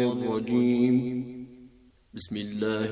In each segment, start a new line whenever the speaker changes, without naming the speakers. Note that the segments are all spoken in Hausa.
الرجيم بسم الله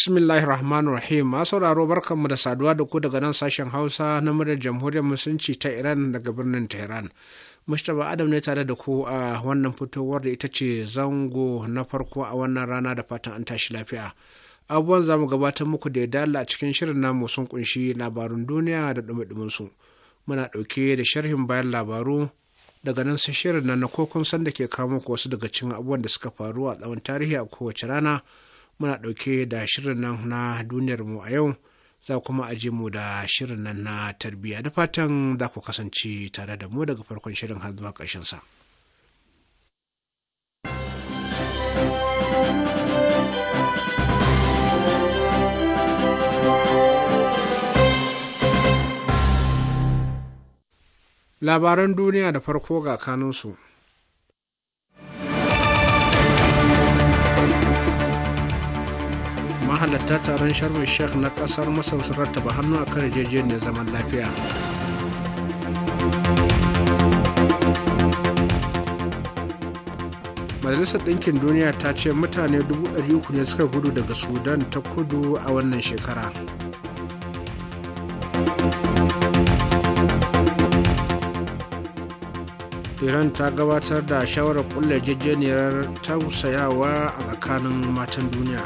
bismillahir rahmanir rahim sauraro barkanmu da saduwa da ku daga nan sashen hausa na muryar jamhuriyar musulunci ta iran daga birnin tehran mustapha adam ne tare da ku a wannan fitowar da ita ce zango na farko a wannan rana da fatan an tashi lafiya abubuwan zamu gabatar muku da ya a cikin shirin namu sun kunshi labarun duniya da dumi su muna ɗauke da sharhin bayan labaru daga nan sai shirin nan na kokon da ke kawo muku wasu daga cikin abubuwan da suka faru a tsawon tarihi a kowace rana muna ɗauke da shirin nan na duniyar mu a yau za kuma aji mu da shirin nan na tarbiyya da fatan za ku kasance tare da mu daga farkon shirin har zuwa ƙarshen sa. Labaran duniya da farko ga kanunsu. mahalarta taron sharmin sheikh na kasar masar sun rattaba hannu a kan yarjejeniyar zaman lafiya majalisar ɗinkin duniya ta ce mutane 300 ne suka gudu daga sudan ta kudu a wannan shekara iran ta gabatar da shawarar kulle jejjeniyar tausayawa a tsakanin matan duniya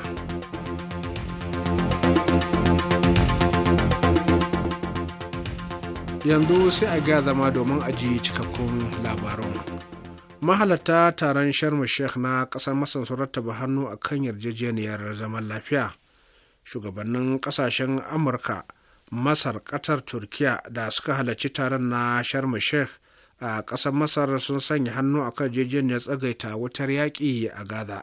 yanzu sai a ga zama domin aji cikakkun labarun mahalarta taron sharma sheikh na kasar masar sun rattaba hannu a kan yarjejeniyar zaman lafiya shugabannin kasashen amurka masar qatar turkiya da suka halarci taron na sharma sheikh a kasar masar sun sanya hannu a kan yarjejeniyar tsagaita wutar yaƙi a gaza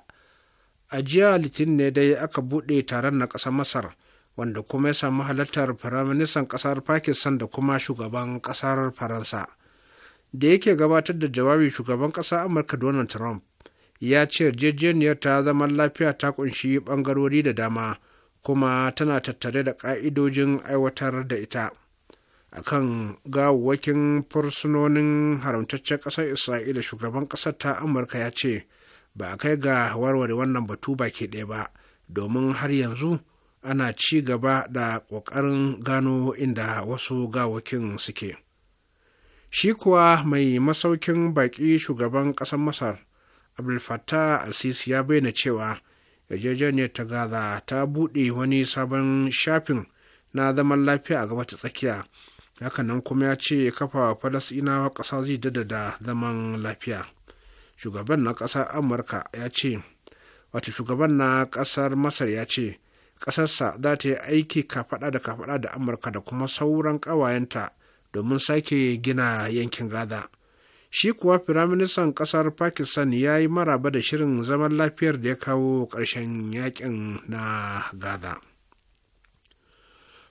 a jiya litinin ne dai aka buɗe taron na ƙasar masar wanda kuma ya samu halartar firaministan ƙasar pakistan da kuma shugaban ƙasar faransa da yake gabatar da jawabi shugaban ƙasar amurka donald trump ya ce yarjejeniyar ta zaman lafiya ta kunshi bangarori da dama kuma tana tattare da ƙa'idojin aiwatar da ita akan gawawwakin fursunonin haramtaccen ƙasar isra'ila shugaban ƙasar ta amurka ya ce ba a kai ga warware wannan batu baki ɗaya ba domin har yanzu ana ci gaba da ƙoƙarin gano inda wasu gawakin suke shi kuwa mai masaukin baƙi shugaban ƙasar masar abdulfattah al-sisi ya bayyana cewa yarjejeniyar ta gaza ta buɗe wani sabon shafin na zaman lafiya a gaba ta tsakiya hakanan kuma ya ce kafa wa ƙasa zai da zaman lafiya shugaban na ƙasar amurka ya ce wato shugaban na ƙasar masar ya ce ƙasarsa za ta yi aiki kafaɗa da kafaɗa da amurka da kuma sauran ƙawayenta domin sake gina yankin gaza shi kuwa firaministan ƙasar pakistan ya yi maraba da shirin zaman lafiyar da ya kawo ƙarshen yakin na gaza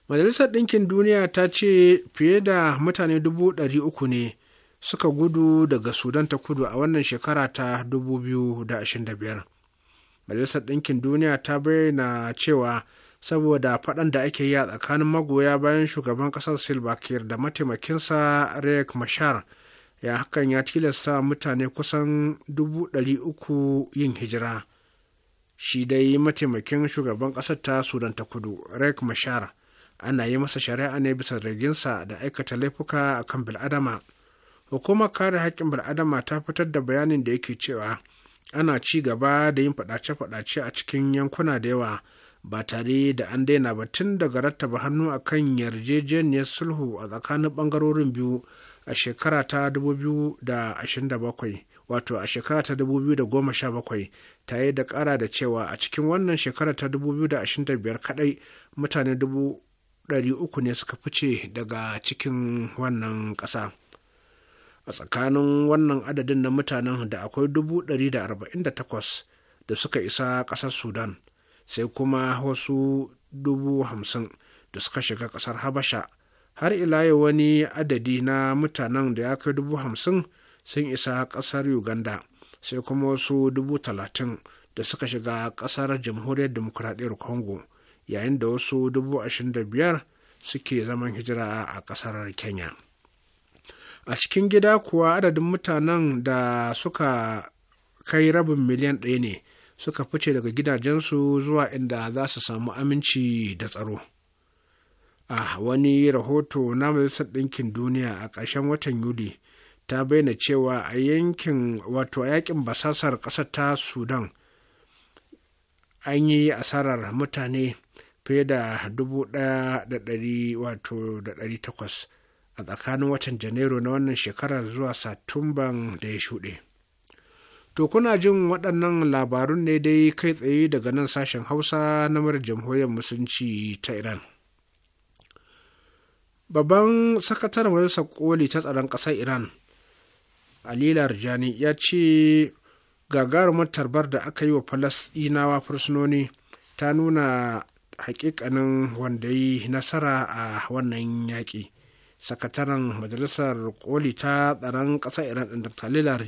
majalisar ɗinkin duniya ta ce fiye da mutane dubu ɗari uku ne suka gudu daga sudan ta kudu a wannan shekara ta dubu biyu da da ashirin biyar. majalisar ɗinkin duniya ta bayyana cewa saboda faɗan da ake yi a tsakanin magoya bayan shugaban ƙasar silva kiir da mataimakinsa rek mashar ya hakan ya tilasta mutane kusan dubu ɗari uku yin hijira shi dai mataimakin shugaban ƙasar ta sudan ta kudu rek mashar ana yi masa shari'a ne bisa zarginsa da aikata laifuka a akan bil'adama hukumar kare haƙƙin bil'adama ta fitar da bayanin da yake cewa ana ci gaba da yin fadace-fadace a cikin yankuna da yawa ba tare da an daina ba tun daga rattaba hannu a kan yarjejeniyar sulhu a tsakanin bangarorin biyu a shekara ta 2027 wato a shekara ta 2017 tare da kara da cewa a cikin wannan shekara ta 2025 kadai mutane 300 ne suka fice daga cikin wannan kasa. a tsakanin wannan adadin na mutanen da akwai dubu ɗari da arba'in da da takwas suka isa ƙasar sudan sai kuma wasu dubu hamsin da suka shiga ƙasar habasha har ila yau wani adadi na mutanen da ya kai dubu hamsin sun isa ƙasar uganda sai kuma wasu dubu talatin da suka shiga ƙasar jamhuriyar demokuraɗiyyar congo yayin da wasu dubu ashirin da biyar suke zaman hijira a ƙasar kenya a cikin gida kuwa adadin mutanen da suka kai rabin miliyan ɗaya ne suka fice daga gidajensu zuwa inda za su samu aminci da tsaro a wani rahoto na majalisar ɗinkin duniya a ƙarshen watan yuli ta bayyana cewa a yankin wato a yakin basasar ƙasar ta sudan an yi asarar mutane fiye da dubu ɗaya da ɗari wato ɗari takwas a tsakanin watan janairu na wannan shekarar zuwa satumban da ya shuɗe to kuna jin waɗannan labarun ne dai kai tsaye daga nan sashen hausa na mara jamhuriyar musulunci ta iran babban sakataren majalisar koli ta tsaron ƙasar iran ali larjani ya ce gagarumar tarbar da aka yi wa falasɗinawa fursunoni ta nuna hakikanin wanda yi nasara a wannan yaƙi sakataren majalisar koli ta tsaron ƙasar iran ɗin dr lila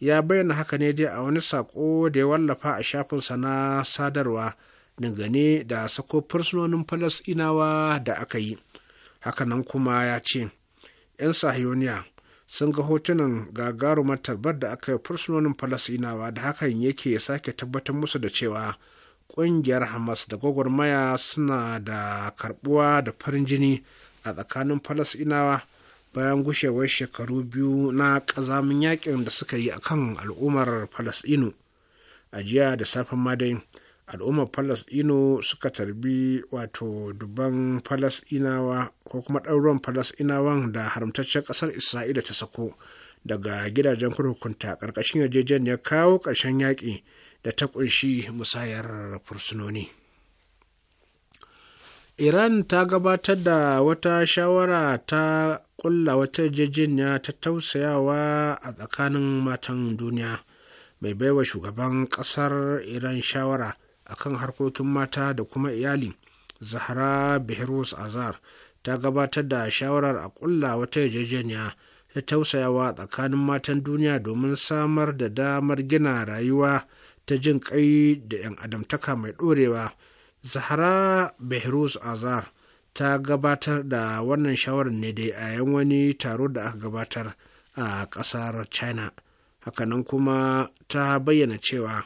ya bayyana haka ne dai a wani sako da ya wallafa a shafinsa na sadarwa dangane da sako fursunonin falasinawa da aka yi hakanan kuma ya ce 'yan sahiyoniya sun ga hotunan gagarumar tarbar da aka yi fursunonin falasinawa da hakan yake sake tabbatar musu da cewa ƙungiyar hamas da gwagwarmaya suna da karbuwa da farin jini a tsakanin falasinawa bayan gushewar shekaru biyu na ƙazamin yakin da suka yi akan al'ummar falasinu a jiya da safen madai al'ummar falas'inu suka tarbi wato dubban falasinawa ko kuma ɗauruwan falasinawan da haramtaccen ƙasar isra'ila ta sako daga gidajen kurkunta ƙarƙashin yarjejeniyar kawo ƙarshen yaƙi da ta ƙunshi musayar fursunoni. Iran ta gabatar da wata shawara ta kulla wata yarjejeniya ta tausayawa a tsakanin matan duniya mai baiwa shugaban kasar iran shawara akan harkokin mata da kuma iyali zahra behrus azar ta gabatar da shawarar a kulla wata yarjejeniya ta tausayawa tsakanin matan duniya domin samar da damar gina rayuwa ta jin kai da 'yan adamtaka mai ɗorewa. zahra Behrus azar ta gabatar da wannan shawarar ne dai a yan wani taro da aka gabatar a ƙasar china hakanan kuma ta bayyana cewa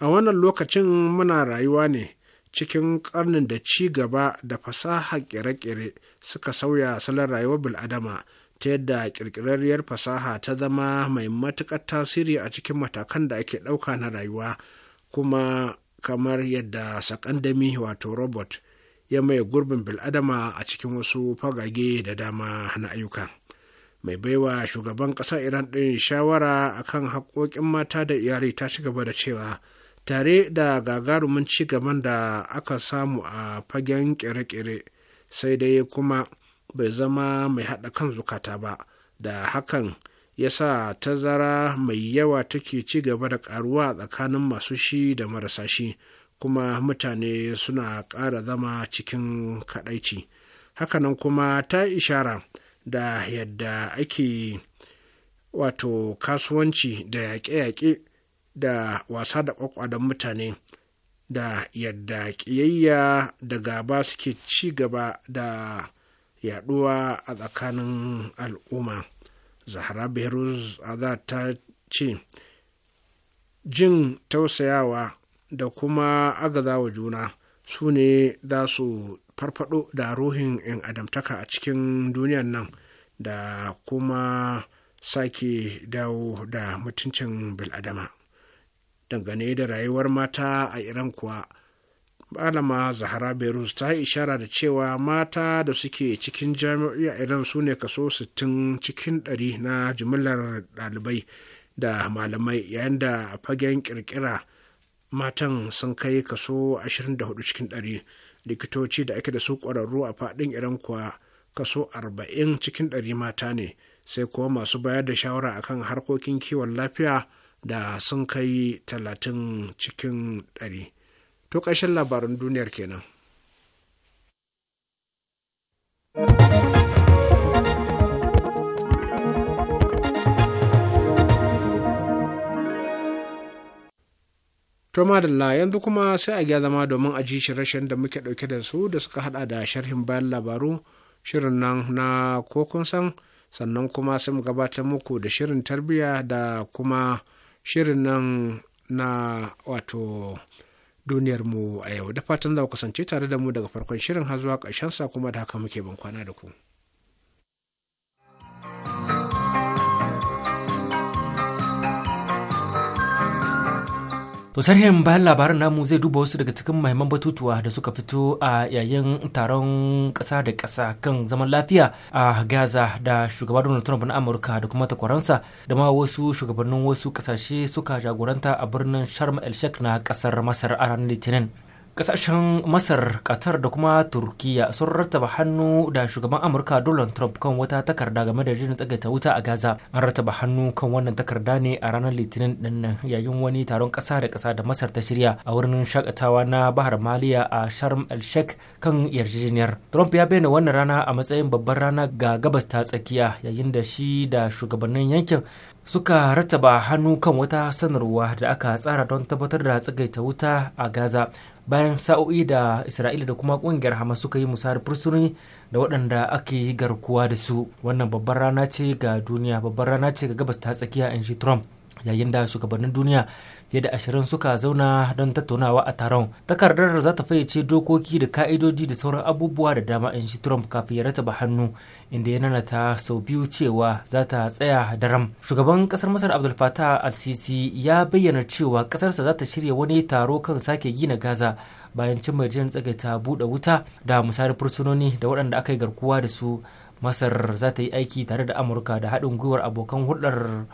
a wannan lokacin muna rayuwa ne cikin karnin da ci gaba da fasaha kere-kere suka sauya salon rayuwar bil'adama ta yadda kirkirarriyar fasaha ta zama mai matuƙar tasiri a cikin matakan da ake ɗauka na rayuwa kuma kamar yadda sakandami wato robot ya maye gurbin biladama a cikin wasu fagage da dama na ayyuka mai baiwa shugaban ƙasar iran ɗin shawara akan haƙoƙin mata da iyali ta ci gaba da cewa tare da gagarumin ci gaban da aka samu a fagen kere-kere sai dai kuma bai zama mai haɗa kan zukata ba da hakan ya sa tazara mai yawa take ci gaba da karuwa tsakanin masu shi da marasa shi kuma mutane suna ƙara zama cikin kaɗaici hakanan kuma ta ishara da yadda ake wato kasuwanci da yaƙe-yaƙe da wasa da ƙwaƙwadon mutane da yadda ƙiyayya da gaba suke ci gaba da yaɗuwa a tsakanin al'umma zahra behruz adha ta ce jin tausayawa da kuma agazawa juna su ne za su farfado da ruhin 'yan adamtaka a cikin duniyar nan da kuma sake dawo da mutuncin biladama dangane da rayuwar mata a iran kuwa malama zahara beirut ta yi ishara da cewa mata da suke cikin jami'o'i a iran su ne kaso 60 cikin 100 na jimillar ɗalibai da malamai yayin da fagen kirkira matan sun kai kaso 24 cikin 100 likitoci da ake da su ƙwararru a faɗin iran kuwa kaso 40 cikin 100 mata ne sai kuwa masu bayar da shawara akan harkokin kiwon lafiya da sun kai 30 cikin 100 to ƙarshen labarin duniyar kenan. To madalla yanzu kuma sai a gya zama domin a ji shirashen da muke ɗauke da su da suka hada da sharhin bayan labaru shirin nan na kokun san sannan kuma sai mu gabatar muku da shirin tarbiyya da kuma shirin nan na wato duniyarmu a yau da fatan za ku kasance tare da mu daga farkon shirin har zuwa sa kuma da haka muke ban kwana da ku.
To sarhin bayan labaran namu zai duba wasu daga cikin mahimman batutuwa da suka fito a yayin taron ƙasa da ƙasa kan zaman lafiya a Gaza da shugaba Donald Trump na Amurka da kuma takwaransa da ma wasu shugabannin wasu ƙasashe suka jagoranta a birnin Sharm el Sheikh na ƙasar Masar a ranar Litinin. kasashen masar qatar da kuma turkiya sun rattaba hannu da shugaban amurka donald trump kan wata takarda game da jin tsagaita wuta a gaza an rattaba hannu kan wannan takarda ne a ranar litinin din yayin wani taron kasa da kasa da masar ta shirya a wurin shakatawa na bahar maliya a sharm el sheikh kan yarjejeniyar trump ya bayyana wannan rana a matsayin babbar rana ga gabas ta tsakiya yayin da shi da shugabannin yankin suka rattaba hannu kan wata sanarwa da aka tsara don tabbatar da tsagaita wuta a gaza bayan sa'o'i da isra'ila da kuma kungiyar hamas suka yi musayar fursuni da waɗanda ake yi garkuwa da su wannan babbar rana ce ga duniya babbar rana ce ga gabas ta tsakiya in shi trump yayin da shugabannin duniya fiye da ashirin suka zauna don tattaunawa a taron takardar za ta fayyace dokoki da ka'idoji da sauran abubuwa da dama in shi trump kafin ya rataba hannu inda ya nanata sau biyu cewa za ta tsaya daram shugaban kasar masar abdul fatah al-sisi ya bayyana cewa kasarsa za ta shirya wani taro kan sake gina gaza bayan cin majiyar ta buɗe wuta da musari fursunoni da waɗanda aka yi garkuwa da su masar za ta yi aiki tare da amurka da haɗin gwiwar abokan hulɗar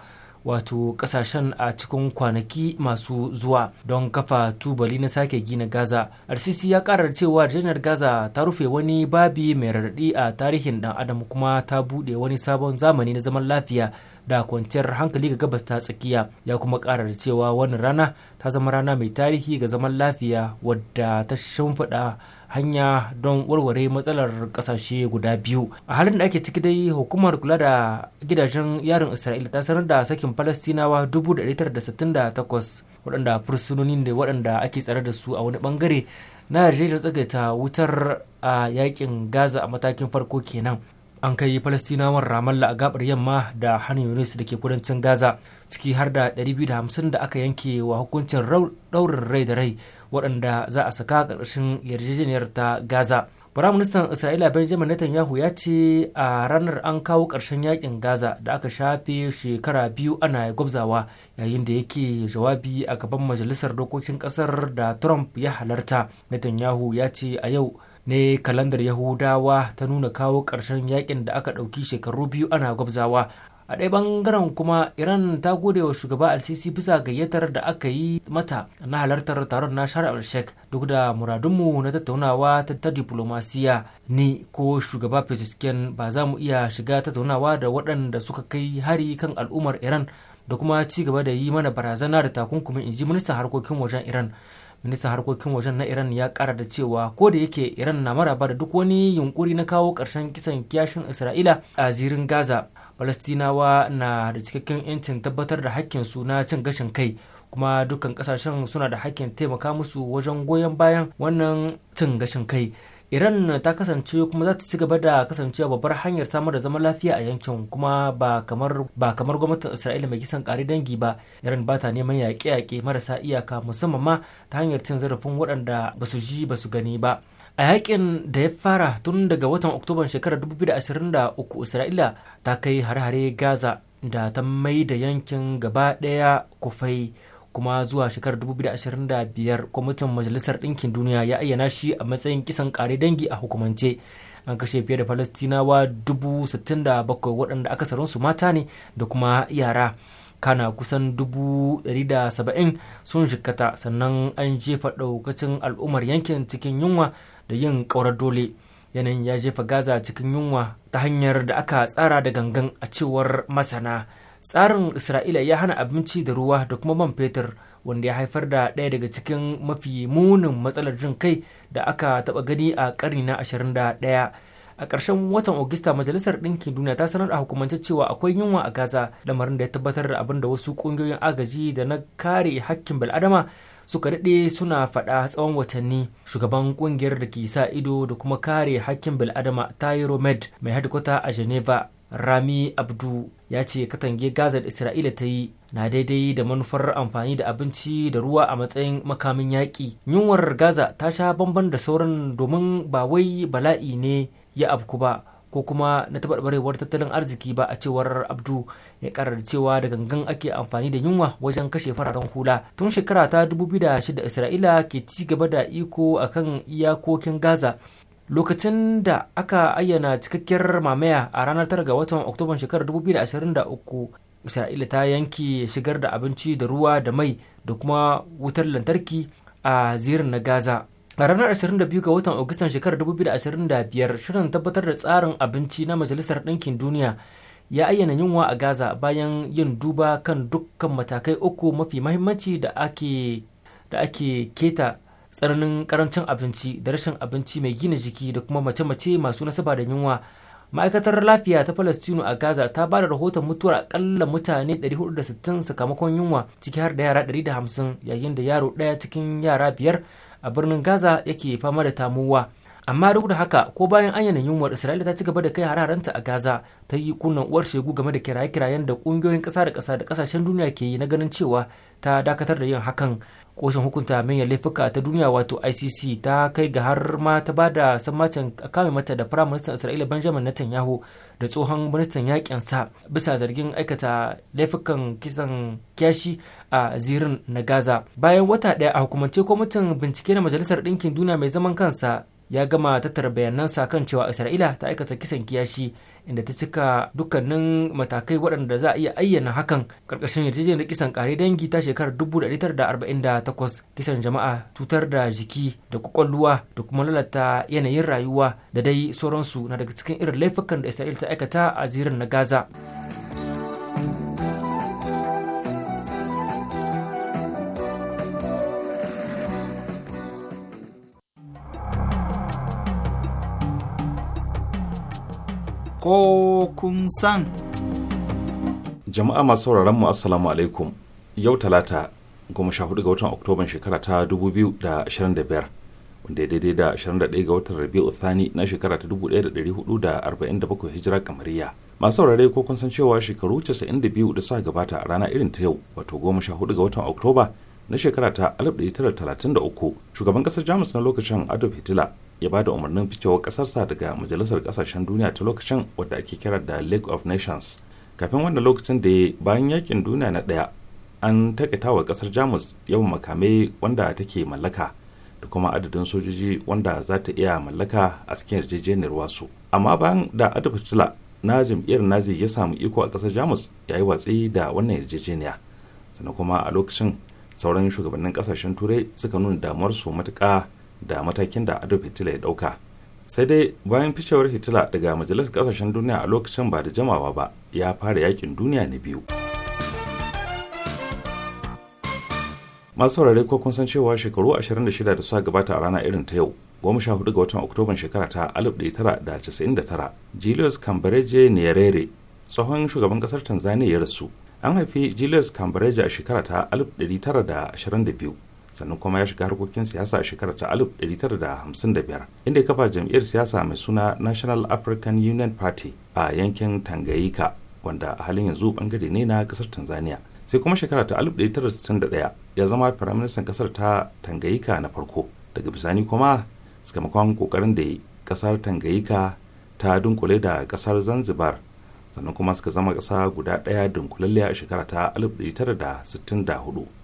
wato kasashen a cikin kwanaki masu zuwa don kafa tubali na sake gina gaza rcc ya karar cewa janar gaza ta rufe wani babi mai raɗi a tarihin dan adam kuma ta buɗe wani sabon zamani na zaman lafiya da kwanciyar hankali ga gabas ta tsakiya ya kuma karar cewa wannan rana ta zama rana mai tarihi ga zaman lafiya wadda ta shimfiɗa hanya don warware matsalar kasashe guda biyu a halin da ake ciki dai hukumar kula da gidajen yarin isra'ila ta sanar da sakin falastinawa 1968 waɗanda fursunonin da waɗanda ake tsare da su a wani bangare na yarjejeniyar tsagaita wutar a yakin gaza a matakin farko kenan an kai falastinawan ramallah a gabar yamma da hannun yunis da ke kudancin gaza ciki har da 250 da aka yanke wa hukuncin daurin rai da rai waɗanda za a saka ƙarƙashin yarjejeniyar ta gaza Firaministan Isra'ila Benjamin Netanyahu ya ce a ranar an kawo ƙarshen yakin Gaza da aka shafe shekara biyu ana gwabzawa yayin da yake jawabi a gaban Majalisar Dokokin Ƙasar da Trump ya halarta. Netanyahu ya ce a yau ne kalandar Yahudawa ta nuna kawo ƙarshen yakin da aka ɗauki shekaru biyu ana gwabzawa a ɗaya bangaren kuma iran ta gode wa shugaba al-sisi bisa gayyatar da aka yi mata na halartar taron na shari'a al-sheikh duk da muradunmu na tattaunawa ta diplomasiya ni ko shugaba pezeshkian ba za mu iya shiga tattaunawa da waɗanda suka kai hari kan al'ummar iran da kuma ci gaba da yi mana barazana da takunkumin inji ministan harkokin wajen iran ministan harkokin wajen na iran ya kara da cewa ko da yake iran na maraba da duk wani yunkuri na kawo karshen kisan kiyashin isra'ila a zirin gaza falastinawa na da cikakken 'yancin tabbatar da su na cin gashin kai kuma dukkan kasashen suna da hakkin taimaka musu wajen goyon bayan wannan cin gashin kai iran ta kasance kuma za ta ci gaba da kasancewa babbar hanyar samar da zaman lafiya a yankin kuma ba kamar ba kamar gwamnatin isra'ila mai kisan kare dangi ba iran ba ta neman yaƙe-yaƙe marasa iyaka musamman ma ta hanyar cin zarafin waɗanda ba su ji ba su gani ba a yakin da ya fara tun daga watan oktoban shekarar 2023 isra'ila ta kai hare-hare gaza da ta mai da yankin gaba daya kufai kuma zuwa shekarar 2025 kwamitin majalisar ɗinkin duniya ya ayyana shi a matsayin kisan kare dangi a hukumance an kashe fiye da falastinawa 67 waɗanda akasarinsu mata ne da kuma yara kana kusan 170 sun shikata sannan an jefa ɗaukacin al'ummar yankin cikin yunwa da yin ƙaurar dole yanayin ya jefa gaza cikin yunwa ta hanyar da aka tsara da gangan a cewar masana tsarin isra'ila ya hana abinci da ruwa da kuma man fetur wanda ya haifar da ɗaya daga cikin mafi munin matsalar jin kai da aka taɓa gani a ƙarni na ashirin da 21 a ƙarshen watan Ogista majalisar ɗinkin duniya ta sanar a hukumance cewa akwai yunwa a gaza lamarin da ya tabbatar da abin da wasu ƙungiyoyin agaji da na kare hakkin bil'adama suka daɗe suna faɗa tsawon watanni shugaban ƙungiyar da ke sa ido da kuma kare hakkin bil'adama yi med mai hadikwata a geneva rami abdu ya ce katange gaza da isra'ila ta yi na daidai da manufar amfani da abinci da ruwa a matsayin makamin yaƙi yunwar gaza ta sha bamban da sauran domin ba wai bala'i ne ya afku ba ko kuma na taɓarɓarewar tattalin arziki ba a cewar abdu ya karar cewa da gangan ake amfani da yunwa wajen kashe fararen hula tun shekara ta 2006 isra'ila ke ci gaba da iko akan iyakokin gaza lokacin da aka ayyana cikakkiyar mamaya a ranar tara ga watan oktoban shekarar 2023 isra'ila ta yanke shigar da abinci da ruwa da mai da kuma wutar lantarki a zirin na gaza a ranar 22 ga watan agustan shekarar 2025 shirin tabbatar da tsarin abinci na majalisar ɗinkin duniya ya ayyana yunwa a gaza bayan yin duba kan dukkan matakai uku mafi mahimmanci da ake keta tsananin karancin abinci da rashin abinci mai gina jiki da kuma mace-mace masu nasaba da yunwa ma'aikatar lafiya ta palestino a gaza ta ba da rahoton mutuwar akalla mutane 460 sakamakon yunwa ciki har da yara 150 yayin da yaro ɗaya cikin yara biyar a birnin gaza yake fama da tamuwa amma duk da haka ko bayan an yanayin yunwar isra'ila ta ci gaba da kai hararanta a gaza ta yi kunnan uwar shegu game da kiraye-kirayen da kungiyoyin ƙasa da kasa da kasashen duniya ke yi na ganin cewa ta dakatar da yin hakan koshin hukunta manyan laifuka ta duniya wato icc ta kai ga har ma ta ba da sammacin kame mata da firaministan isra'ila benjamin netanyahu da tsohon ministan yakin sa bisa zargin aikata laifukan kisan kyashi a zirin na gaza bayan wata daya a hukumance kwamitin bincike na majalisar ɗinkin duniya mai zaman kansa ya gama tattara bayanansa kan cewa isra'ila ta aikata kisan kiyashi inda ta cika dukkanin matakai waɗanda za a iya ayyana hakan ƙarƙashin yarjejeniyar kisan ƙare dangi ta shekarar 1948 kisan jama'a cutar da jiki da kwakwalwa da kuma lalata yanayin rayuwa da dai sauransu na daga cikin irin laifukan da isra'ila ta aikata a zirin na gaza.
ko kun san.
Jama'a masu sauraron mu Assalamu alaikum yau talata goma sha hudu ga watan Oktoban shekara ta dubu biyu da ashirin da biyar wanda ya daidai da ashirin da ɗaya ga watan Rabi'u Thani na shekara ta dubu ɗaya da ɗari hudu da arba'in da bakwai hijira kamariya. Masu saurare ko kun san cewa shekaru casa'in da biyu da sa gabata a rana irin ta yau wato goma sha hudu ga watan Oktoba na shekara ta alif ɗaya tara talatin da uku shugaban ƙasar Jamus na lokacin Adolf Hitler ya ba da umarnin ficewar ƙasarsa daga majalisar ƙasashen duniya ta lokacin wadda ake kira da league of nations kafin wannan lokacin da ya bayan yakin duniya na ɗaya an takaita wa ƙasar jamus yawan makamai wanda take mallaka da kuma adadin sojoji wanda za ta iya mallaka a cikin yarjejeniyar wasu amma bayan da adolf hitler na jam'iyyar nazi ya samu iko a ƙasar jamus ya yi watsi da wannan yarjejeniya sannan kuma a lokacin sauran shugabannin ƙasashen turai suka nuna damuwar su matuƙa da matakin da adolf hitler ya dauka sai dai bayan fishewar hitler daga majalisar kasashen duniya a lokacin ba da jamawa ba ya fara yakin duniya na biyu masu saurare ko kun san cewa shekaru 26 da suka gabata a rana irin ta yau goma sha hudu ga watan oktoban shekara ta 1999 julius cambareje nyerere tsohon shugaban kasar tanzania ya rasu an haifi julius cambareje a shekara ta 1922 sannan kuma ya shiga harkokin siyasa a shekarar ta 1955 inda ya kafa jam'iyyar siyasa mai suna national african union party a yankin tangayika wanda a halin yanzu bangare ne na kasar tanzania sai kuma shekara ta 1961 ya zama firaministan kasar ta tangayika na farko daga bisani kuma sakamakon kokarin da kasar tangayika ta dunkule da kasar zanzibar sannan kuma suka zama kasa guda daya dunkulalle a shekara ta 1964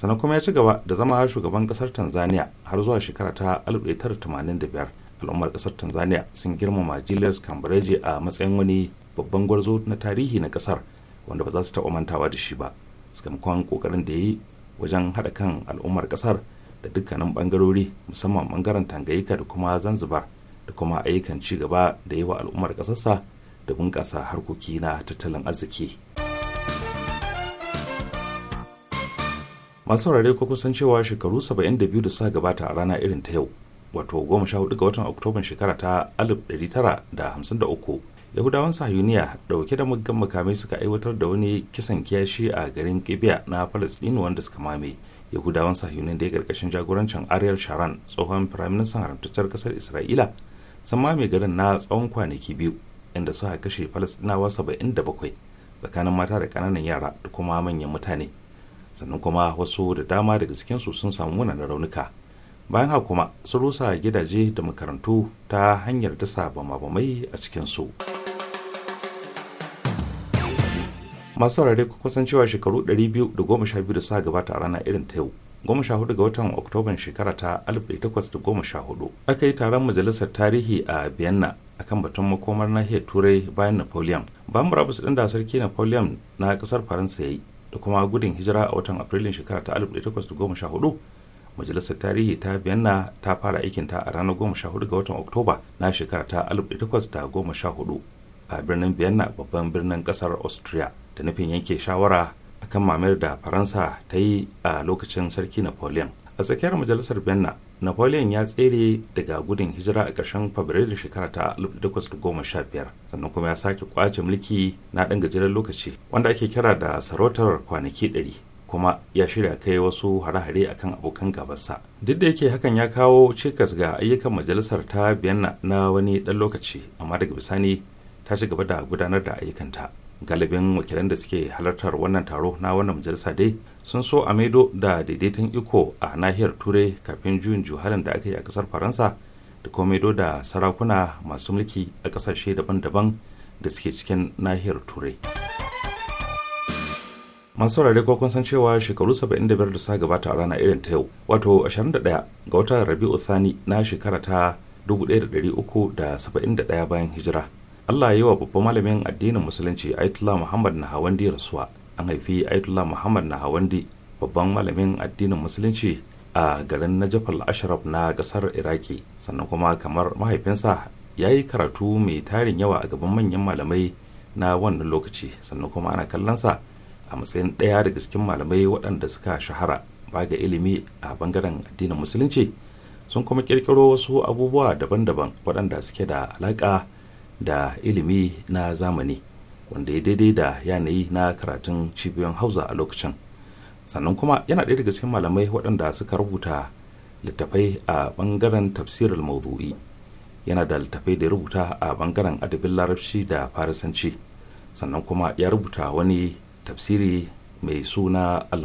sannan kuma ya ci gaba da zama shugaban kasar tanzania har zuwa shekara ta 1985 al'ummar kasar tanzania sun girmama julius cambridge a matsayin wani babban gwarzo na tarihi na kasar wanda ba za su taɓa mantawa da shi ba sakamakon kokarin da ya yi wajen haɗa kan al'ummar kasar da dukkanin bangarori musamman bangaren tangayika da kuma zanzibar da kuma ayyukan ci gaba da yi wa al'ummar ƙasarsa da bunƙasa harkoki na tattalin arziki. masu saurare ko kusan cewa shekaru 72 da suka gabata a rana irin ta yau wato 14 ga watan oktoban shekara ta 1953 yahudawan sahiyuniya dauke da muggan makamai suka aiwatar da wani kisan kiyashi a garin kibiya na palestin wanda suka mame yahudawan sahiyunin da ya karkashin jagorancin ariel sharon tsohon firaministan haramtattar kasar isra'ila sun mame garin na tsawon kwanaki biyu inda suka kashe palestinawa 77 tsakanin mata da kananan yara da kuma manyan mutane sannan kuma wasu da dama daga cikinsu sun samu munanan raunuka bayan haka kuma sun rusa gidaje da makarantu ta hanyar dasa bama-bamai a cikinsu masu saurare kusan cewa shekaru 212 da suka gabata a rana irin ta yau goma sha hudu ga watan oktoban shekara ta 1814 aka yi taron majalisar tarihi a vienna akan batun makomar nahiyar turai bayan napoleon bayan murabus ɗin da sarki napoleon na ƙasar faransa ya yi da kuma gudun hijira a watan afrilun shekara ta 1814 majalisar tarihi ta vienna ta fara aikinta a ranar 14 ga watan oktoba na shekara ta 1814 a birnin vienna babban birnin kasar austria da nufin yanke shawara akan mamayar da faransa ta yi a lokacin sarki napoleon a tsakiyar majalisar vienna napoleon ya tsere daga gudun hijira a ƙarshen fabrairu shekara ta 1815 sannan kuma ya sake kwace mulki na ɗan gajeren lokaci wanda ake kira da sarautar kwanaki 100 kuma ya shirya kai wasu hare-hare akan abokan gabarsa duk da yake hakan ya kawo cikas ga ayyukan majalisar ta biyanna na wani ɗan lokaci amma daga bisani ta ci gaba da gudanar da ayyukanta galibin wakilan da suke halartar wannan taro na wannan majalisa dai sun so a maido da daidaiton iko a nahiyar turai kafin juyin juharin da aka yi a kasar faransa da kuma maido da sarakuna masu mulki a kasashe daban-daban da suke cikin nahiyar turai masu saurare ko kun san cewa shekaru 75 da suka gabata a rana irin ta yau wato 21 ga watan rabi'u thani na shekara ta 1371 bayan hijira Allah ya yi wa babban malamin addinin musulunci ayatollah Muhammad na hawan rasuwa an haifi Aitullah Muhammad na Nahawandi babban malamin addinin musulunci a garin Najaf al-Ashraf na kasar Iraki sannan kuma kamar mahaifinsa ya yi karatu mai tarin yawa a gaban manyan malamai na wannan lokaci sannan kuma ana kallonsa a matsayin ɗaya daga cikin malamai waɗanda suka shahara ba ga ilimi a bangaren addinin musulunci sun kuma kirkiro wasu abubuwa daban-daban waɗanda suke da alaƙa da ilimi na zamani. wanda ya daidai da yanayi na karatun cibiyoyin hausa a lokacin sannan kuma yana ɗaya daga cikin malamai waɗanda suka rubuta littafai a ɓangaren tafsirar maudu'i yana da littafai da ya rubuta a ɓangaren adabin larabci da farisanci sannan kuma ya rubuta wani tafsiri mai suna al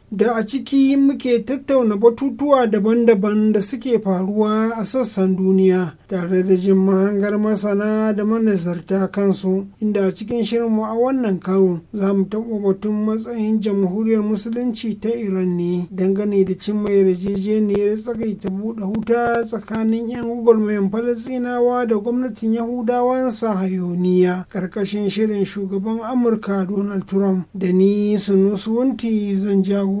da a ciki muke tattauna batutuwa daban-daban da suke faruwa a sassan duniya tare da jin mahangar masana da manazarta kansu inda a cikin shirinmu a wannan karo za mu taɓa batun matsayin jamhuriyar musulunci ta iran ne dangane da cimma yarjejeniyar tsagaita buɗe huta tsakanin 'yan gwagwarmayan falasinawa da gwamnatin yahudawan sahayoniya Karkashin shirin shugaban amurka donald trump da ni sunusuwanti zan jago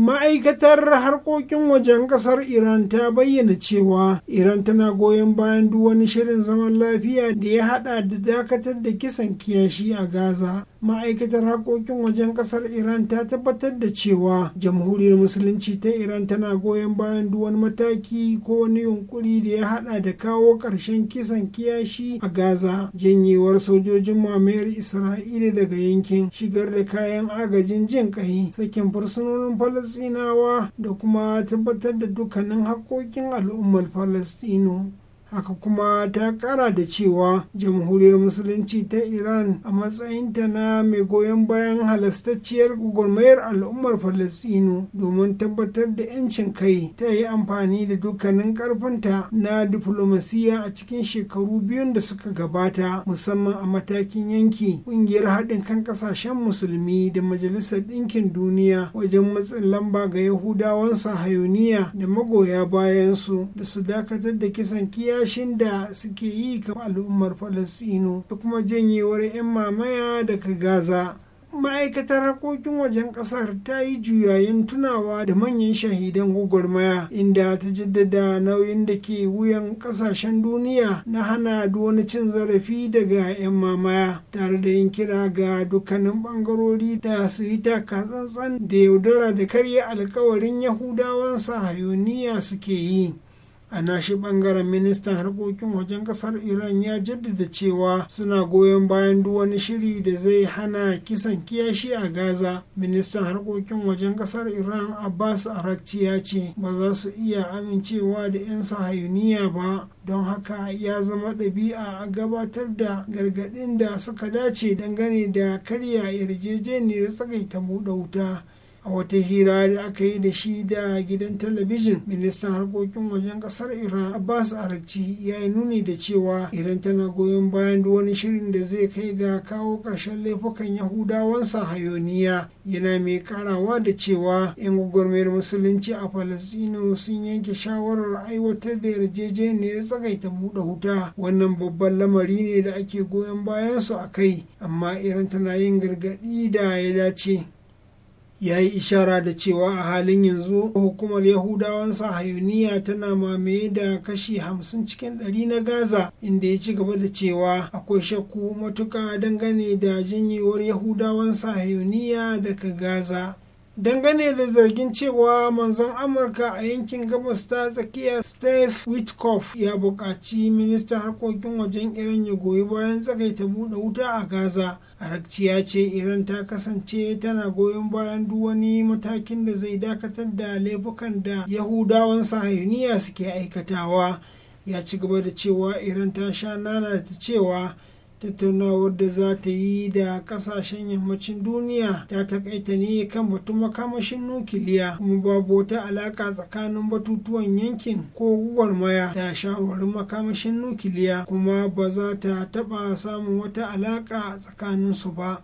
ma'aikatar harkokin wajen kasar iran ta bayyana cewa iran tana goyon bayan duk wani shirin zaman lafiya da ya hada da dakatar da kisan kiyashi a gaza ma'aikatar harkokin wajen kasar iran ta tabbatar da cewa jamhuriyar musulunci ta iran tana goyon bayan duk wani mataki ko wani yunkuri da ya hada da kawo ƙarshen kisan kiyashi a gaza janyewar sojojin mamayar isra'ila daga yankin shigar da kayan agajin jin kai sakin fursunonin falas falasinawa da kuma tabbatar da dukkanin hakokin al'ummar falastino haka kuma ta kara da cewa jamhuriyar musulunci ta iran a matsayinta na mai goyon bayan halastacciyar gwagwarmayar al'ummar Falasɗinu domin tabbatar da 'yancin kai ta yi amfani da dukkanin karfinta na diflomasiya a cikin shekaru biyun da suka gabata musamman a matakin yanki kungiyar haɗin kan ƙasashen musulmi da majalisar ɗinkin duniya wajen matsin lamba ga yahudawan sahayoniya da magoya bayansu da su dakatar da kisan kiya rarrashin da suke yi ga al'ummar falasino da kuma janyewar 'yan mamaya daga gaza ma'aikatar harkokin wajen kasar ta yi juyayen tunawa da manyan shahidan gwagwarmaya inda ta jaddada nauyin da ke wuyan kasashen duniya na hana wani cin zarafi daga 'yan mamaya tare da yin kira ga dukkanin bangarori da su yi taka tsantsan da yaudara da karya alkawarin yahudawan sahayoniya suke yi a nashi bangaren ministan harkokin wajen kasar iran ya jaddada cewa suna goyon bayan duk wani shiri da zai hana kisan kiyashi a gaza ministan harkokin wajen kasar iran abbas arakci ya ce ba za su iya amincewa da 'yan sahayuniya ba don haka ya zama ɗabi'a a gabatar da gargaɗin da suka dace dangane da karya yarjejeniyar tsakaita buɗe wuta a wata hira da aka yi da shi da gidan talabijin ministan harkokin wajen kasar iran abbas arakci ya yi nuni da cewa iran tana goyon bayan duk wani shirin da zai kai ga kawo ƙarshen laifukan yahudawan sahayoniya yana mai karawa da cewa 'yan gwagwarmayar musulunci a falasino sun yanke shawarar aiwatar da yarjejeniyar tsagaita buɗe wuta wannan babban lamari ne da ake goyon bayansu a kai amma iran tana yin gargaɗi da ya dace ya yi ishara da cewa a halin yanzu hukumar yahudawan sahayuniya tana mamaye da kashi hamsin cikin 100 na gaza inda ya ci gaba da cewa akwai shakku matuka dangane da janyewar yahudawan sahayuniya daga gaza dangane da zargin cewa manzon amurka a yankin gabas ta tsakiya steve witkoff ya buƙaci ministan harkokin wajen iran ya goyi bayan tsakaita buɗe wuta a gaza Arakci ya ce Iran ta kasance tana goyon bayan duk wani matakin da zai dakatar da laifukan da Yahudawan sahayuniya suke aikatawa. Ya ci gaba da cewa Iran ta sha nana ta cewa tattaunawar da za ta yi da kasashen yammacin duniya ta takaita ne kan batun makamashin nukiliya kuma babu wata alaka tsakanin batutuwan yankin ko gwagwarmaya da shawarwarin makamashin nukiliya kuma ba za ta taɓa samun wata alaka tsakanin su ba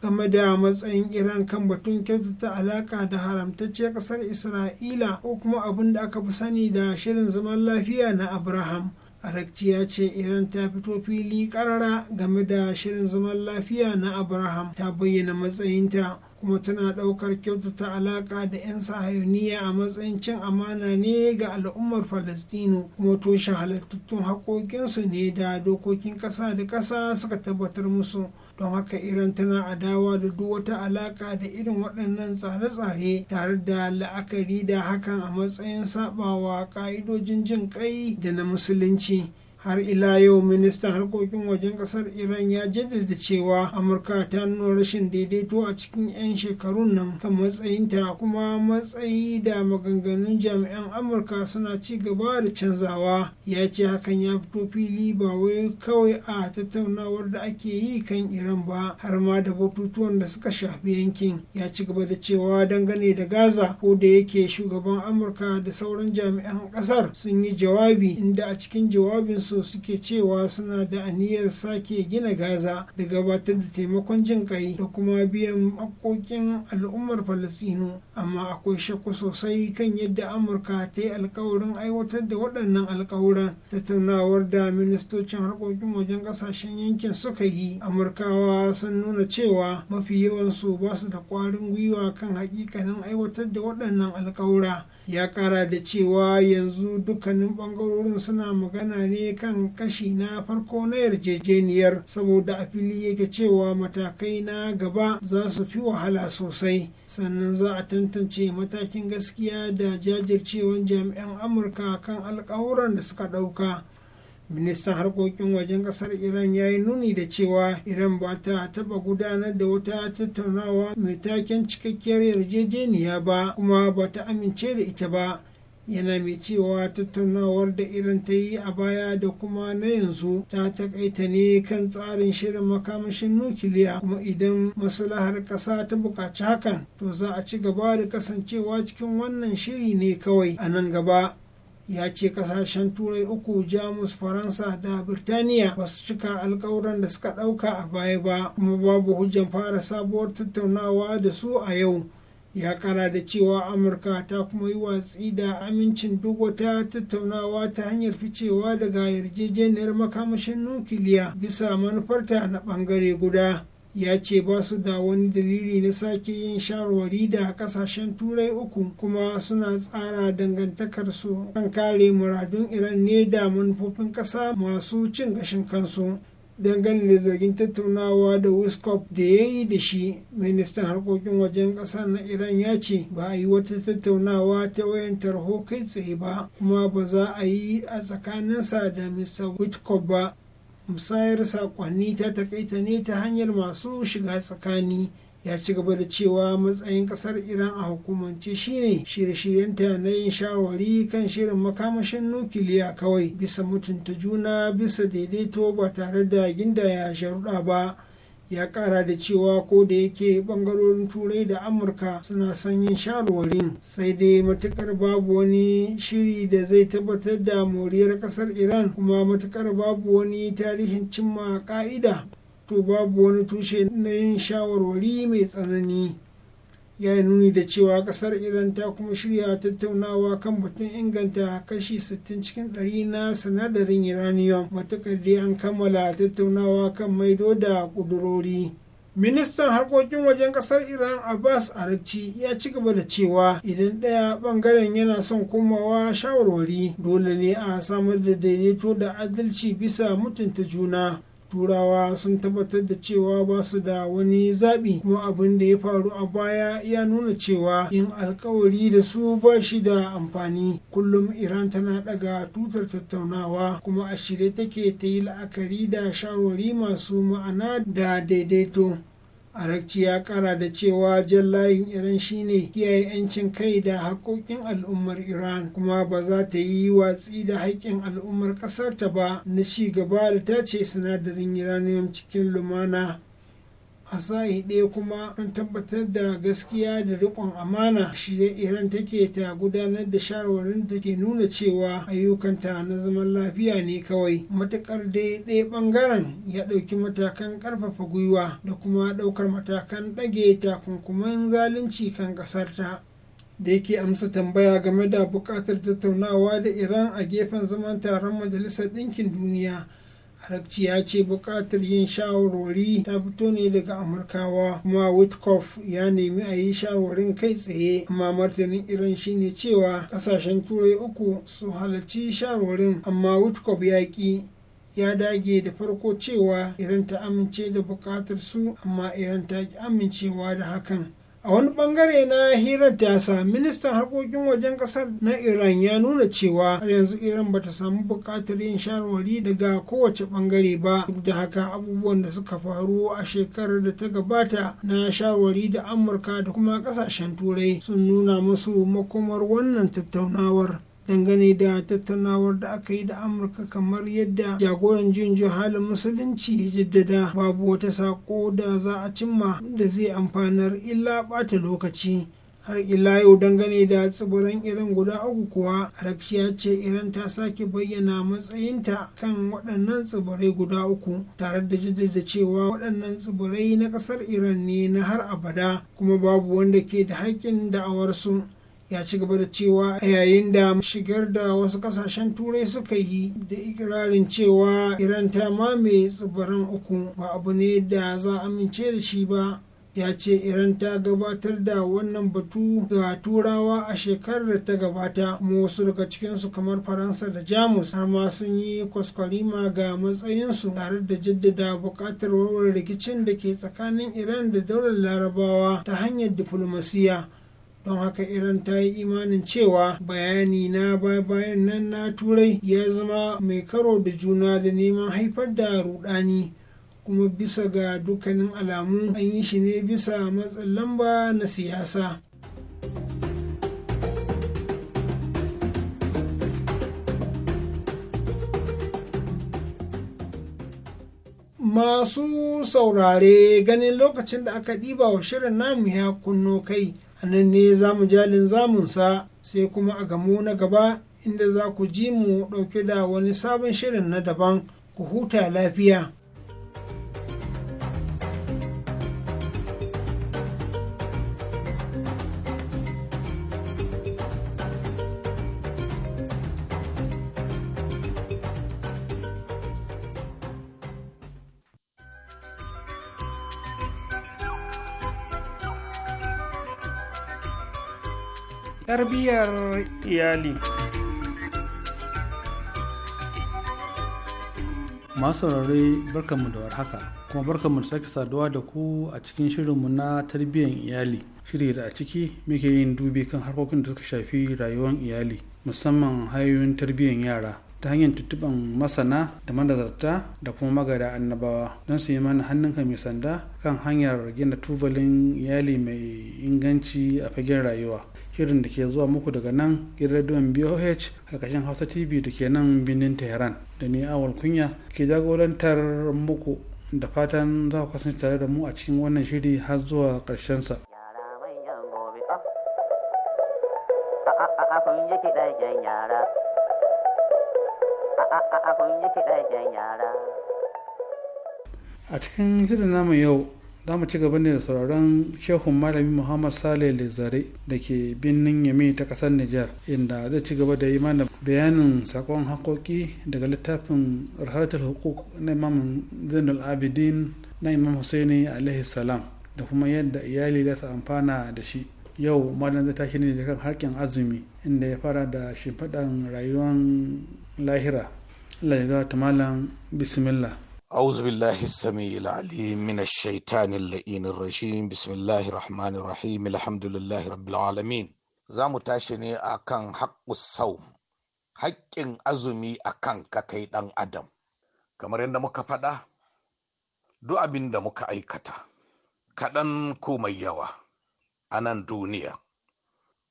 game da matsayin iran kan batun kyautata alaka da haramtacciyar kasar isra'ila ko kuma abin da aka fi sani da shirin zaman lafiya na abraham Arakci ya ce Iran ta fito fili karara game da shirin zaman lafiya na Abraham ta bayyana matsayinta kuma tana ɗaukar kyautata alaƙa da 'yan sahayuniya a matsayin cin amana ne ga al'ummar falastinu kuma toshe halittattun haƙoƙinsu ne da dokokin ƙasa da ƙasa suka tabbatar musu. don haka irin tana adawa da duk wata alaka da irin waɗannan tsare-tsare tare da la'akari da hakan a matsayin sabawa ƙa'idojin jin ƙai da na musulunci har ila yau ministan harkokin wajen kasar iran ya jaddada cewa amurka ta nuna rashin daidaito a cikin 'yan shekarun nan kan matsayinta kuma matsayi da maganganun jami'an amurka suna ci gaba da canzawa ya ce hakan ya fito fili ba wai kawai a tattaunawar da ake yi kan iran ba har ma da batutuwan da suka shafi yankin ya ci gaba da cewa dangane da gaza ko da yake shugaban amurka da sauran jami'an kasar sun yi jawabi inda a cikin jawabinsu faso suke cewa suna da aniyar sake gina gaza da gabatar da taimakon jin kai da kuma biyan haƙoƙin al'ummar falasino amma akwai shakku sosai kan yadda amurka ta yi alkawarin aiwatar da waɗannan alkawuran tattaunawar da ministocin harkokin wajen ƙasashen yankin suka yi amurkawa sun nuna cewa mafi yawansu ba su da ƙwarin gwiwa kan hakikanin aiwatar da waɗannan alkawura ya kara da cewa yanzu dukkanin bangarorin suna magana ne kan kashi na farko na yarjejeniyar saboda a fili yake cewa matakai na gaba za su fi wahala sosai sannan za a tantance matakin gaskiya da jajircewan jami'an amurka kan alkawuran da suka ɗauka ministan harkokin wajen kasar iran ya yi nuni da cewa iran ba ta taba gudanar da wata tattaunawa mai taken cikakkiyar yarjejeniya ba kuma ba ta amince da ita ba yana mai cewa tattaunawar da iran ta yi a baya da kuma na yanzu ta takaita ne kan tsarin shirin makamashin nukiliya kuma idan maslahar ƙasa ta bukaci hakan to za a ci gaba da kasancewa cikin wannan shiri ne kawai a nan gaba ya ce kasashen turai uku jamus faransa da birtaniya ba su cika alkawuran da suka ɗauka a baya ba kuma babu hujjan fara sabuwar tattaunawa da su a yau ya kara da cewa amurka ta kuma yi watsi da amincin duk wata tattaunawa ta hanyar ficewa daga yarjejeniyar makamashin nukiliya bisa manufarta na bangare guda ya ce ba su da wani dalili na sake yin shawarwari da kasashen turai uku kuma suna tsara dangantakar su kan kare muradun iran ne da manufofin kasa masu cin gashin kansu dangane da zargin tattaunawa da wiskop da ya yi da shi ministan harkokin wajen ƙasa na iran ya ce ba a yi wata tattaunawa ta wayan tarho kai tsaye ba kuma ba za a yi a tsakaninsa da mr witkop ba musayar saƙonni ta takaita ne ta hanyar masu shiga tsakani ya ci gaba da cewa matsayin kasar iran a hukumance shine shirye-shiryenta na yin shawari kan shirin makamashin nukiliya kawai bisa mutunta juna bisa daidaito ba tare da gindaya sharuɗa ba ya kara da cewa ko da yake bangarorin turai da amurka suna son yin shawarwarin sai dai matukar babu wani shiri da zai tabbatar da moriyar kasar iran kuma matukar babu wani tarihin cimma ka'ida to babu wani tushe na yin shawarwari mai tsanani ya yi nuni da cewa kasar iran ta kuma shirya tattaunawa kan batun inganta kashi 60 cikin 100 na sinadarin uranium matuƙar dai an kammala tattaunawa kan maido da ƙudurori ministan harkokin wajen kasar iran abbas arci ya ci gaba da cewa idan ɗaya bangaren yana son komawa shawarwari dole ne a samar da daidaito da adalci bisa mutunta juna turawa sun tabbatar da cewa ba su da wani zaɓi kuma abin da ya faru a baya ya nuna cewa yin alkawari da su ba shi da amfani kullum iran tana ɗaga tutar tattaunawa kuma a shirye take ta yi la'akari da shawari masu ma'ana da daidaito arakci ya kara da cewa jan layin iran shine kiyaye 'yancin kai da haƙoƙin al'ummar iran kuma ba za ta yi watsi da haƙƙin al'ummar ƙasarta ba na ci gaba da tace sinadarin uranium cikin lumana a sa'i ɗaya kuma an tabbatar da gaskiya da riƙon amana shi iran take ta gudanar da shawarwarin da ke nuna cewa ayyukanta na zaman lafiya ne kawai matuƙar dai ɗaya ɓangaren ya ɗauki matakan ƙarfafa gwiwa da kuma ɗaukar matakan ɗage takunkumin zalunci kan ƙasar ta da yake amsa tambaya game da buƙatar tattaunawa da iran a gefen zaman taron majalisar ɗinkin duniya Harakci ya ce buƙatar yin shawarwari ta fito ne daga Amurkawa kuma Witkoff ya nemi a yi shawarin kai tsaye amma martanin Iran shine cewa ƙasashen turai uku su halarci shawarwarin amma Witkoff ya ƙi ya dage da farko cewa irin ta amince da buƙatar su amma irin ta ki amincewa da hakan. a wani bangare na hirar tasa ministan harkokin wajen kasar na iran ya nuna cewa har yanzu iran bata samu buƙatar yin shawarwari daga kowace bangare ba duk da haka abubuwan da suka faru a shekarar da ta gabata na shawarwari da amurka da kuma kasashen turai sun nuna musu makomar wannan tattaunawar dangane da tattaunawar da aka yi da amurka kamar yadda jagoran juyin halin musulunci ya jaddada babu wata sako da za a cimma da zai amfanar illa bata lokaci har ila yau dangane da tsibiran irin guda uku kuwa rakshiya ce iran ta sake bayyana matsayinta kan waɗannan tsibirai guda uku tare da jaddada cewa waɗannan tsibirai na ƙasar iran ne na har abada kuma babu wanda ke da haƙƙin da'awarsu ya ci gaba da cewa a yayin da shigar da wasu kasashen turai suka yi da ikirarin cewa iran ta mamaye tsibiran uku ba abu ne da za amince da shi ba ya ce iran ta gabatar da wannan batu ga turawa a shekarar da ta gabata mu wasu daga cikinsu kamar faransa da jamus har ma sun yi kwaskwalima ga matsayinsu tare da jaddada buƙatar warware rikicin da ke tsakanin iran da daular larabawa ta hanyar diflomasiyya don haka irin ta yi imanin cewa bayani na bayan nan na turai ya zama mai karo da juna da neman haifar da rudani kuma bisa ga dukkanin alamu an yi shi ne bisa matsin lamba na siyasa. masu saurare ganin lokacin da aka ɗiba wa shirin namu ya kunno kai a nan ne zamu jalin zamunsa sai kuma a gamu na gaba inda za ku ji mu ɗauke da wani sabon shirin na daban ku huta lafiya tarbiyyar iyali
masu saurare barkanmu da warhaka kuma barkanmu da sake saduwa da ku a cikin shirinmu na tarbiyyar iyali shiri da a ciki muke yin dubi kan harkokin da suka shafi rayuwar iyali musamman hanyoyin tarbiyyar yara ta hanyar tuttuban masana da manazarta da kuma magada annabawa don su yi mana hannunka mai sanda kan hanyar gina tubalin iyali mai inganci a fagen rayuwa shirin da ke zuwa muku daga nan rediyon boh karkashin hausa tv da ke nan birnin tehran da ni awal kunya ke jagorantar muku da fatan za ku kasance tare da mu a cikin wannan shiri har zuwa ƙarshen sa. Ah, ah, ah, a cikin shirin namu yau za mu ci gaba ne da sauraron shehun malami muhammad saleh lezare da ke birnin yami ta kasar nijar inda zai ci gaba da yi mana bayanin sakon hakoki daga littafin rahatar hukuk na imam zainul abidin na imam husaini alaihi salam da kuma yadda iyali za su amfana da shi yau malam zai tashi ne da kan harkin azumi inda ya fara da shimfiɗan rayuwan lahira allah ya ga ta malam bismillah
أعوذ Sami السميع العليم من الشيطان اللئين الرجيم بسم الله الرحمن الرحيم الحمد لله رب العالمين zamu tashi ne a kan haƙusau haƙƙin azumi akan ka kai ɗan adam kamar yadda muka faɗa duk abin da muka aikata kaɗan ko mai yawa a nan duniya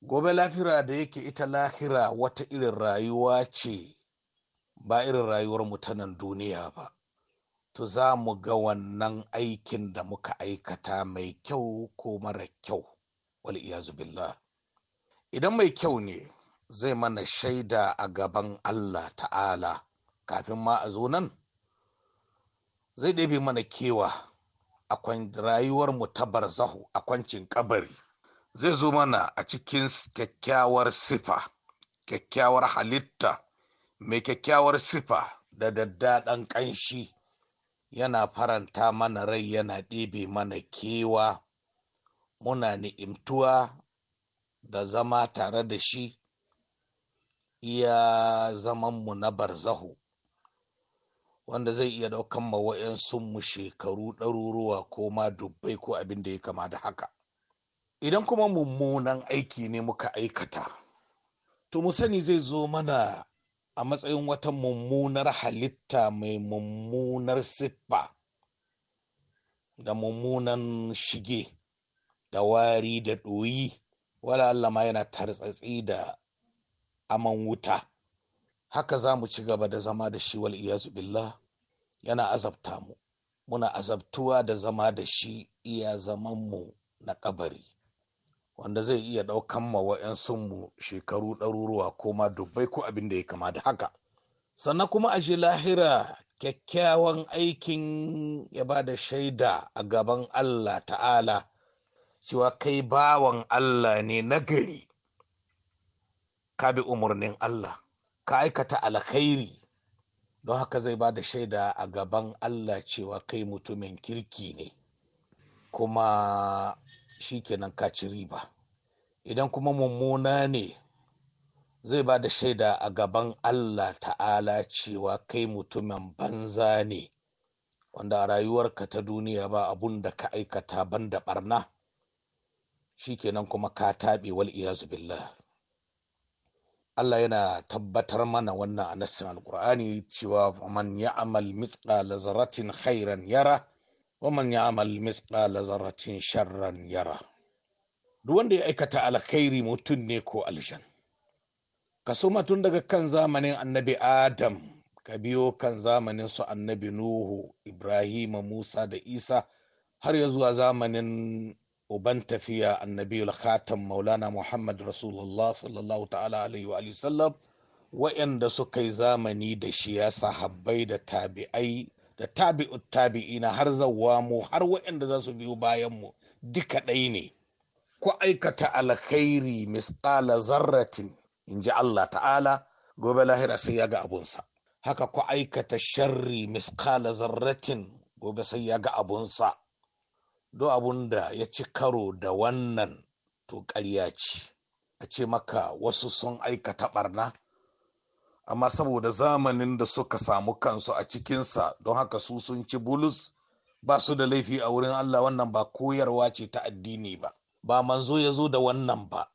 gobe lafira da yake ita lahira wata irin rayuwa ce ba irin rayuwar mu ta nan duniya ba to za mu ga wannan aikin da muka aikata mai kyau ko mara kyau wal billah idan mai kyau ne zai mana shaida a gaban allah ta'ala kafin ma a zo nan zai ɗabi mana kewa a rayuwar mu ta barzahu a kwancin kabari zai zo mana a cikin kyakkyawar sifa kyakkyawar halitta mai kyakkyawar sifa da daddaɗan ƙanshi yana faranta mana rai yana ɗebe mana kewa muna ni'imtuwa da zama tare da shi iya zamanmu na barzahu wanda zai iya ɗaukan ma mu shekaru ɗaruruwa ko ma dubbai ko abin da ya kama da haka idan kuma mummunan aiki ne muka aikata to mu sani zai zo mana a matsayin wata mummunar halitta mai mummunar siffa da mummunan shige da wari da ɗoyi wala Allah ma yana tartsatsi da aman wuta haka za mu ci gaba da zama da shi wal iyazu billah yana azabta mu muna azabtuwa da zama da shi iya zaman mu na kabari wanda zai iya ɗaukan ma sunmu shekaru ɗaruruwa ko ma dubbai ko abin da ya kama da haka sannan kuma a shi lahira kyakkyawan aikin ya ba da shaida a gaban allah ta'ala cewa kai bawan allah ne nagari ka bi umarnin allah ka aikata alkhairi don haka zai ba da shaida a gaban allah cewa kai mutumin kirki ne kuma shikenan kenan ka ci riba idan kuma mummuna ne zai ba da shaida a gaban allah ta'ala cewa kai mutumin banza ne wanda a rayuwarka ta duniya ba abun da ka aikata ban da barna shi kuma ka taɓe wal billah Allah yana tabbatar mana wannan a nassin alkur'ani cewa man ya amal mithqala zaratin khairan yara ومن يعمل مثقال ذرة شرا يرى duk wanda ya aikata alkhairi mutum ne ko aljan kasuma tun daga kan zamanin annabi adam ka biyo kan zamanin su annabi nuhu ibrahima musa da isa har ya zuwa zamanin uban tafiya annabi khatam maulana muhammad rasulullah sallallahu ta'ala alaihi wa yi zamani da shi sahabai da tabi'ai da tabi'ut tabi'ina har zawwa mu har waɗanda za su biyo bayan mu duka ɗai ne ku aikata alkhairi misqala zarratin in ji Allah ta'ala gobe lahira sai ya ga abunsa haka ku aikata sharri misqala zarratin gobe sai ya ga abunsa do abun da ya ci karo da wannan to ƙarya ce a ce maka wasu sun aikata ɓarna. amma saboda zamanin da suka samu kansu a cikinsa don haka su sun ci bulus ba su da laifi a wurin Allah wannan ba koyarwa ce ta addini ba ba manzo ya zo da wannan ba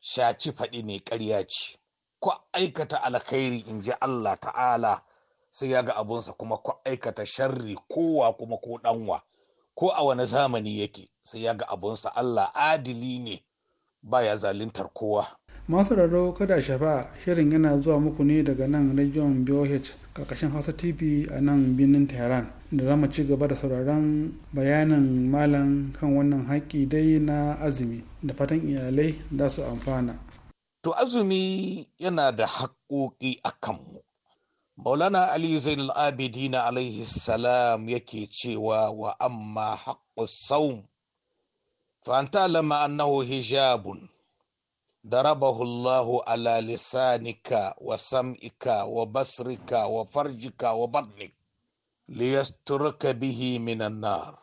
shaci faɗi ne karya ce ku aikata alkhairi in ji Allah ta'ala sai ya ga abunsa kuma ku aikata sharri kowa kuma ko ɗanwa ko a wani zamani yake sai ya ga abunsa Allah adili ne ba ya zalintar kowa
masu raro kada shafa shirin yana zuwa muku ne daga nan rajiyon BOH karkashin Hausa TV a nan birnin Tehran da za mu ci gaba da sauraron bayanin malam kan wannan haƙƙi dai na azumi da fatan iyalai za su amfana.
To azumi yana da haƙoƙi a kanmu. Maulana Ali Zainul Abidina alaihi salam yake cewa wa amma haƙƙo saum Fanta lama annahu hijabun ضربه الله على لسانك وسمعك وبصرك وفرجك وبطنك ليسترك به من النار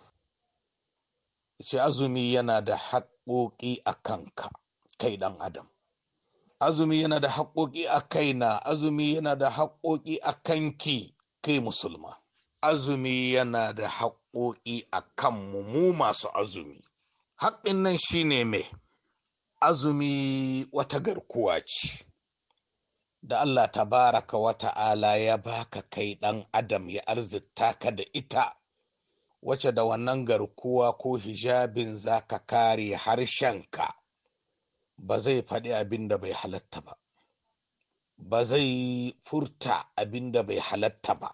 shi azumi yana da haƙoƙi a kanka kai ɗan adam azumi yana da haƙoƙi a kaina azumi yana da haƙoƙi a kanki kai musulma azumi yana da haƙoƙi a kanmu mu masu azumi haƙƙin nan shine me. azumi wata garkuwa ce da Allah ta baraka wata ala ya baka kai ɗan adam ya arzita ka da ita wace da wannan garkuwa ko hijabin za ka kare harshenka ba zai faɗi abin da bai halatta ba ba zai furta abin da bai halatta ba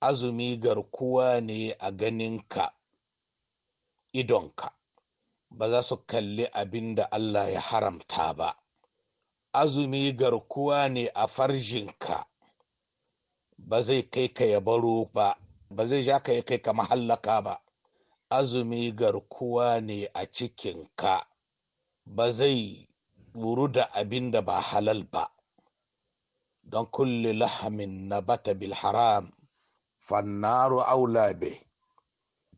azumi garkuwa ne a ganin ganinka idonka ba za su kalli abin da Allah ya haramta ba. Azumi garkuwa ne a farjinka, ba zai kai ka ya baro ba, ba zai ja ka ya kai ka mahallaka ba. Azumi garkuwa ne a cikinka, ba zai wuru da abin da ba halal ba. Don kulle lahamin na bata bil haram, fannaru aula be,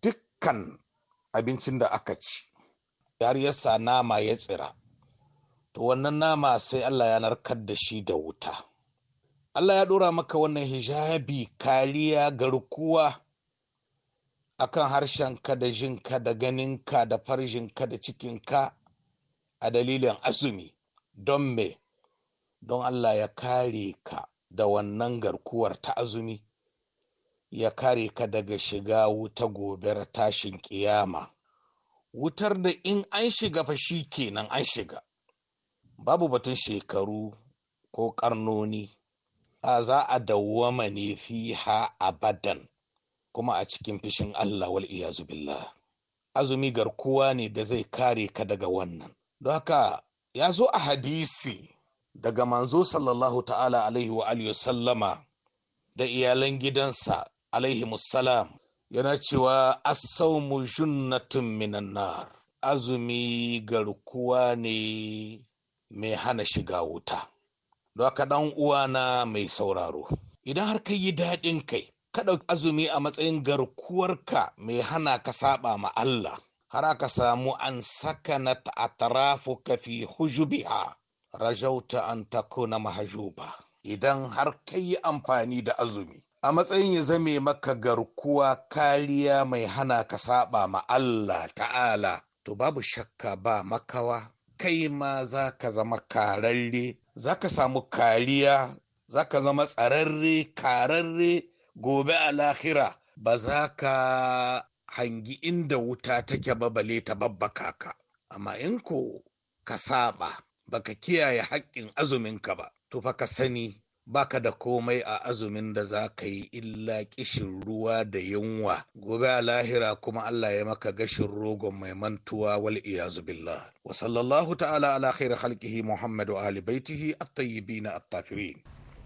dukkan abincin da aka ci. yar yasa nama ya tsira to wannan nama sai Allah ya narkar da shi da wuta Allah ya ɗora maka wannan hijabi kariya garkuwa akan harshen harshenka da jinka da ganinka da farjinka da cikinka a dalilin azumi don me don Allah ya kare ka da wannan garkuwar ta azumi ya kare ka daga shiga wuta gobe tashin kiyama wutar da in an shiga fa shi kenan an shiga babu batun shekaru ko karnoni a za a dawwama ne ha abadan kuma a cikin fishin Allah wal iyazu billah azumi garkuwa ne da zai kare ka daga wannan don haka ya zo a hadisi daga manzo sallallahu ta'ala alaihi wa alihi sallama da iyalan gidansa alaihi musallam yana cewa asaumu junnatun minan nar azumi garkuwa ne mai hana shiga wuta haka dan uwana mai sauraro idan har ka yi daɗin kai ka ɗauki azumi a matsayin garkuwarka mai hana ka saba ma Allah har aka samu an saka na ta'atarafu ka fi hujubiha rajauta an takuna mahajuba idan har ka yi amfani da azumi a matsayin ya zame maka garkuwa kariya mai hana ka saba ma Allah ta'ala to babu shakka ba makawa kai ma za ka zama kararre za ka samu kariya za ka zama tsararre kararre gobe a lahira ba za ka hangi inda wuta take babale ta babbaka ka amma in ko ka saba baka kiyaye haƙƙin azuminka ba to fa ka sani baka da komai a azumin da za ka yi illa kishin ruwa da yunwa gobe a lahira kuma Allah ya maka gashin rogon mai mantuwa wal iyazu billah wa sallallahu ta'ala ala khair halkihi muhammadu ali baitihi at-tayyibin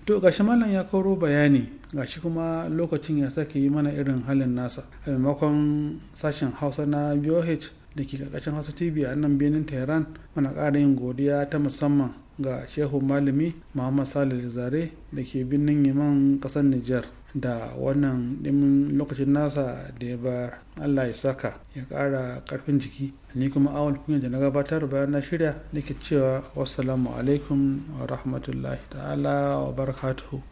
to gashi malam ya koro bayani gashi kuma lokacin ya sake yi mana irin halin nasa a maimakon sashen hausa na BOH da ke karkashin hausa tv a nan benin tehran muna kara yin godiya ta musamman ga shehu malami muhammad salih zare da ke birnin yaman kasar nijar da wannan dimin lokacin nasa da ya ba allah ya saka ya kara karfin jiki ni kuma awon kunya da na gabatar bayan na shirya nake cewa wassalamu alaikum wa rahmatullahi ta'ala wa barakatuhu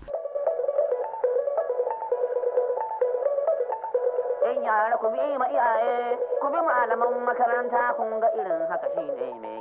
ku bi malaman makaranta kun ga irin haka shine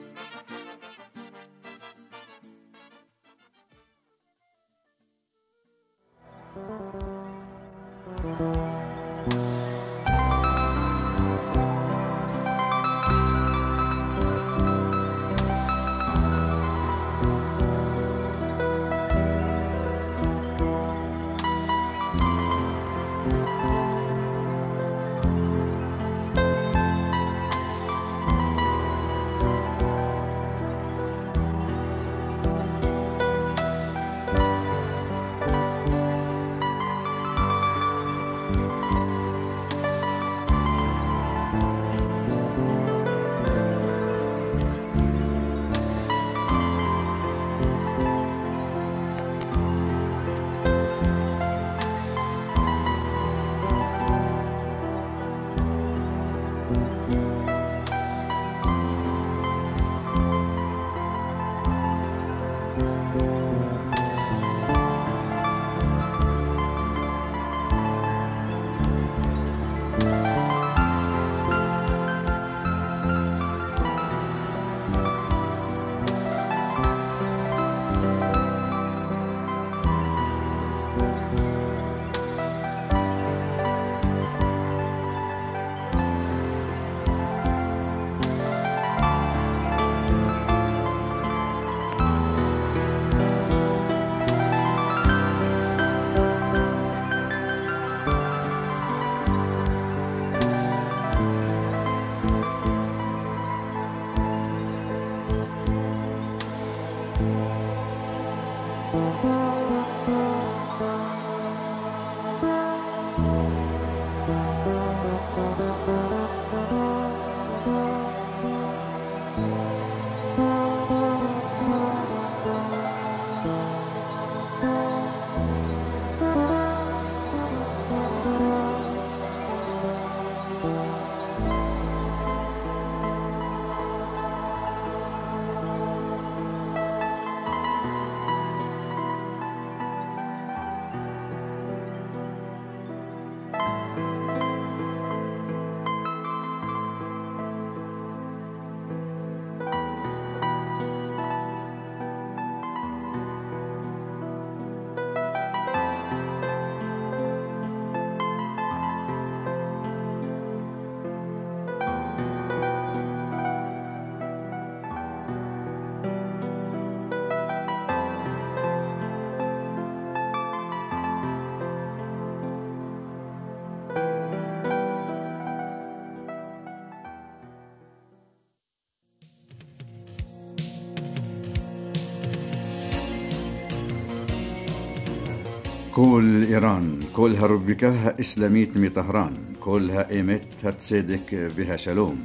كل إيران كلها ربكها إسلاميت مي طهران كلها إيمت هتصدق بها شلوم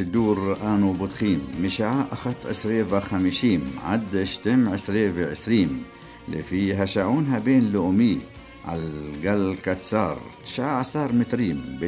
الدور آنو بطخيم مشاع أخت أسريفا خمشيم عد شتم أسريفا عسريم لفي هشعونها بين لؤمي على الجل كتسار تشاع عصار متريم